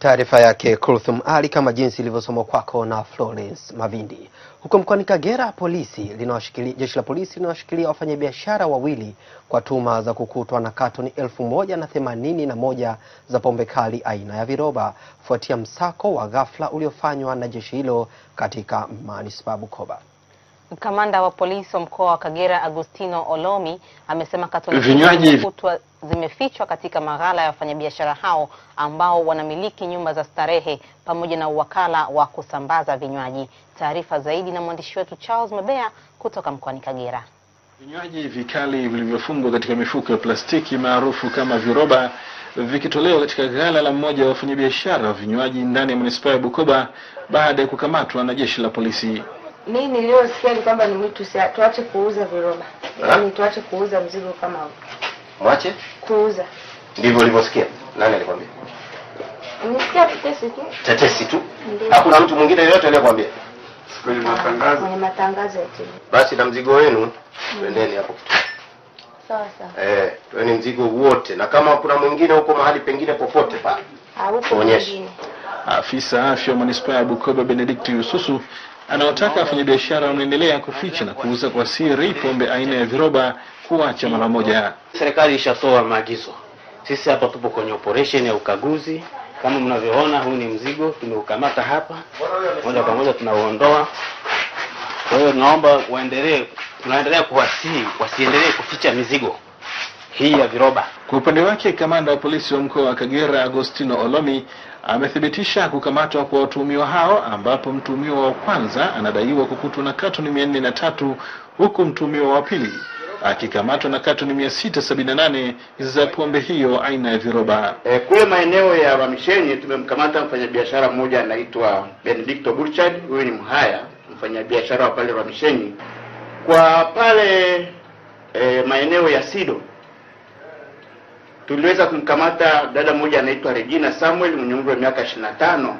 Taarifa yake Kulthum Ali kama jinsi ilivyosomwa kwako na Florence Mavindi. Huko mkoani Kagera, polisi linawashikilia jeshi la polisi linawashikilia wafanyabiashara wawili kwa tuhuma za kukutwa na katoni elfu moja na themanini na moja za pombe kali aina ya viroba kufuatia msako wa ghafla uliofanywa na jeshi hilo katika manispaa Bukoba. Kamanda wa polisi wa mkoa wa Kagera Agustino Olomi amesema katoni vinywaji kutwa zimefichwa katika maghala ya wafanyabiashara hao ambao wanamiliki nyumba za starehe pamoja na uwakala wa kusambaza vinywaji. Taarifa zaidi na mwandishi wetu Charles Mabea kutoka mkoani Kagera. Vinywaji vikali vilivyofungwa katika mifuko ya plastiki maarufu kama viroba vikitolewa katika ghala la mmoja wa wafanyabiashara wa vinywaji ndani ya manispaa ya Bukoba baada ya kukamatwa na jeshi la polisi mi niliyosikia ni kwamba ni mtu mwitu, tuache kuuza viroba, yaani tuache kuuza mzigo kama huu, mwache kuuza. Ndivyo ulivyosikia? Nani alikwambia? Nilisikia tetesi tu, tetesi tu. Hakuna mtu mwingine yeyote aliyekwambia? Kwenye matangazo, kwenye matangazo ya TV. Basi na mzigo wenu mm. twendeni hapo sawa sawa, eh, twendeni mzigo wote, na kama kuna mwingine huko mahali pengine popote pale, mwingine. Afisa afya wa manispaa ya Bukoba Benedict Yususu anaotaka wafanyabiashara wanaendelea kuficha na kuuza kwa siri pombe aina ya viroba kuacha mara moja. Serikali ishatoa maagizo, sisi hapa tupo kwenye operation ya ukaguzi. Kama mnavyoona, huu ni mzigo tumeukamata hapa, moja kwa moja tunauondoa. Kwa hiyo tunaomba waendelee, tunaendelea kuwasii wasiendelee kuficha mizigo hii ya viroba. Kwa upande wake, kamanda wa polisi wa mkoa wa Kagera Agostino Olomi amethibitisha kukamatwa kwa watuhumiwa hao, ambapo mtuhumiwa wa kwanza anadaiwa kukutwa na katoni mia nne na tatu huku mtuhumiwa wa pili akikamatwa na katoni mia sita sabini na nane za pombe hiyo aina ya viroba. E, kule maeneo ya Wamisheni tumemkamata mfanyabiashara mmoja anaitwa Benedicto Burchard. Huyu ni Mhaya, mfanyabiashara wa pale Wamisheni kwa pale e, maeneo ya Sido tuliweza kumkamata dada mmoja anaitwa Regina Samuel mwenye umri wa miaka 25,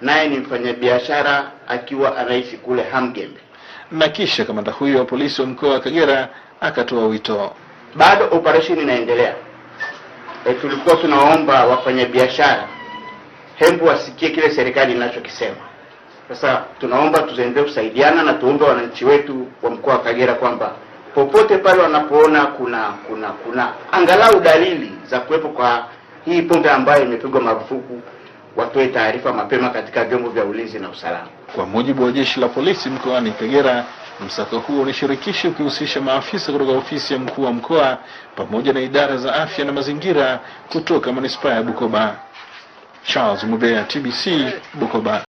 naye ni mfanyabiashara akiwa anaishi kule Hamgembe. Na kisha kamanda huyo wa polisi wa mkoa wa Kagera akatoa wito, bado operesheni inaendelea. E, tulikuwa tunaomba wafanyabiashara hembu wasikie kile serikali inachokisema. Sasa tunaomba tuzaendelee kusaidiana na tuombe wananchi wetu wa mkoa wa Kagera kwamba popote pale wanapoona kuna kuna kuna angalau dalili za kuwepo kwa hii pombe ambayo imepigwa marufuku watoe taarifa mapema katika vyombo vya ulinzi na usalama. Kwa mujibu wa jeshi la polisi mkoani Kagera, msako huo ulishirikishi ukihusisha maafisa kutoka ofisi ya mkuu wa mkoa pamoja na idara za afya na mazingira kutoka manispaa ya Bukoba. Charles Mubea, TBC, Bukoba.